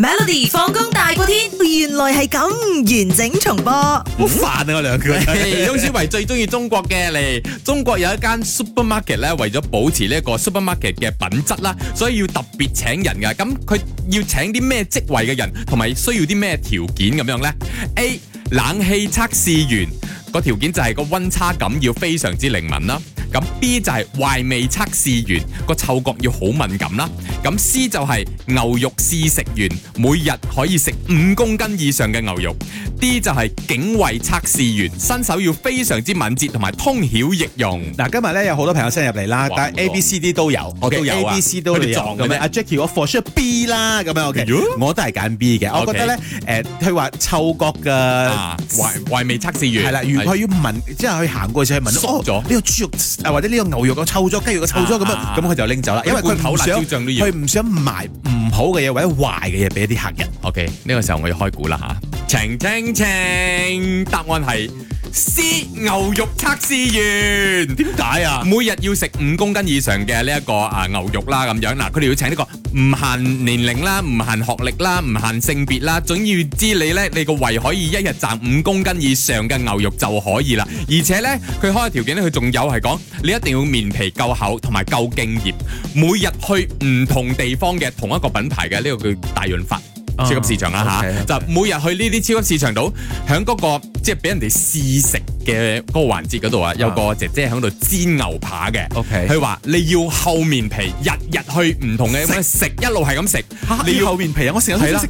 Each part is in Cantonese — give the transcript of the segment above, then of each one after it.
Melody 放工大過天，原來係咁完整重播。嗯、好煩啊！我兩句。康小維最中意中國嘅嚟，中國有一間 supermarket 咧，為咗保持呢一個 supermarket 嘅品質啦，所以要特別請人噶。咁佢要請啲咩職位嘅人，同埋需要啲咩條件咁樣咧？A 冷氣測試員。個條件就係個溫差感要非常之靈敏啦。咁 B 就係壞味測試員，個嗅覺要好敏感啦。咁 C 就係牛肉試食員，每日可以食五公斤以上嘅牛肉。D 就係警衛測試員，身手要非常之敏捷同埋通曉易用。嗱，今日咧有好多朋友 send 入嚟啦，但係 A B C D 都有，我都有啊。佢哋撞嘅咩？阿 Jackie，我 for sure B 啦，咁樣，我都係揀 B 嘅。我覺得咧，誒佢話嗅覺嘅壞壞味測試員係啦。佢要聞，即係佢行過先去聞咗。呢個豬肉啊，或者呢個牛肉嘅臭咗，雞肉嘅臭咗咁啊，咁佢就拎走啦。因為佢唔想，佢唔想賣唔好嘅嘢或者壞嘅嘢俾一啲客人。OK，呢個時候我要開估啦嚇。啊、程程程，答案係。試牛肉測試員，點解啊？每日要食五公斤以上嘅呢一個啊牛肉啦，咁樣嗱，佢哋要請呢個唔限年齡啦，唔限學歷啦，唔限性別啦，總要知你呢，你個胃可以一日賺五公斤以上嘅牛肉就可以啦。而且呢，佢開嘅條件呢，佢仲有係講，你一定要面皮夠厚，同埋夠敬業，每日去唔同地方嘅同一個品牌嘅呢個叫大潤發超級市場啦吓，就、oh, okay , okay. 每日去呢啲超級市場度，響嗰個。即係俾人哋試食嘅嗰個環節嗰度啊，有個姐姐喺度煎牛扒嘅。佢話：你要厚面皮，日日去唔同嘅食，一路係咁食。你要厚面皮啊！我成日食有好食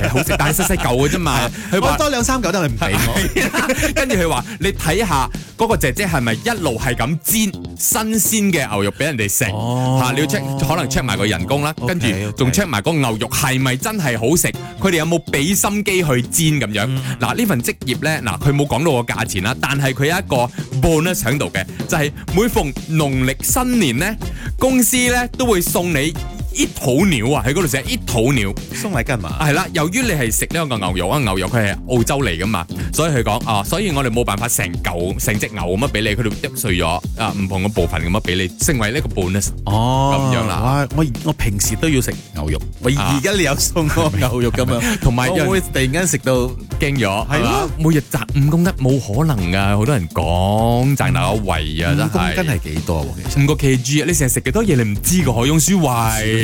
嘅，好食，但係細細嚿嘅啫嘛。佢話多兩三嚿都係唔俾。跟住佢話：你睇下嗰個姐姐係咪一路係咁煎新鮮嘅牛肉俾人哋食？嚇，你要 check 可能 check 埋個人工啦，跟住仲 check 埋個牛肉係咪真係好食？佢哋有冇俾心機去煎咁樣？嗱，呢份職業咧。嗱，佢冇講到個價錢啦，但係佢有一個半咧響度嘅，就係、是、每逢農曆新年咧，公司咧都會送你。益土鳥啊，喺嗰度食益土鳥，送嚟噶嘛？係啦、啊，由於你係食呢一個牛肉啊，牛肉佢係澳洲嚟噶嘛，所以佢講啊，所以我哋冇辦法成嚿成隻牛咁樣俾你，佢哋剁碎咗啊，唔同嘅部分咁樣俾你成為呢個半啊。哦，咁樣啦。我我平時都要食牛肉，而家、啊、你有送我牛肉咁樣，同埋我會突然間食到驚咗。係咯，吧每日賺五公斤冇可能噶、啊，好多人講賺哪位啊，嗯、真係是五公斤係幾多？五個 KG 啊！G, 你成日食幾多嘢，你唔知噶，海蔘舒胃。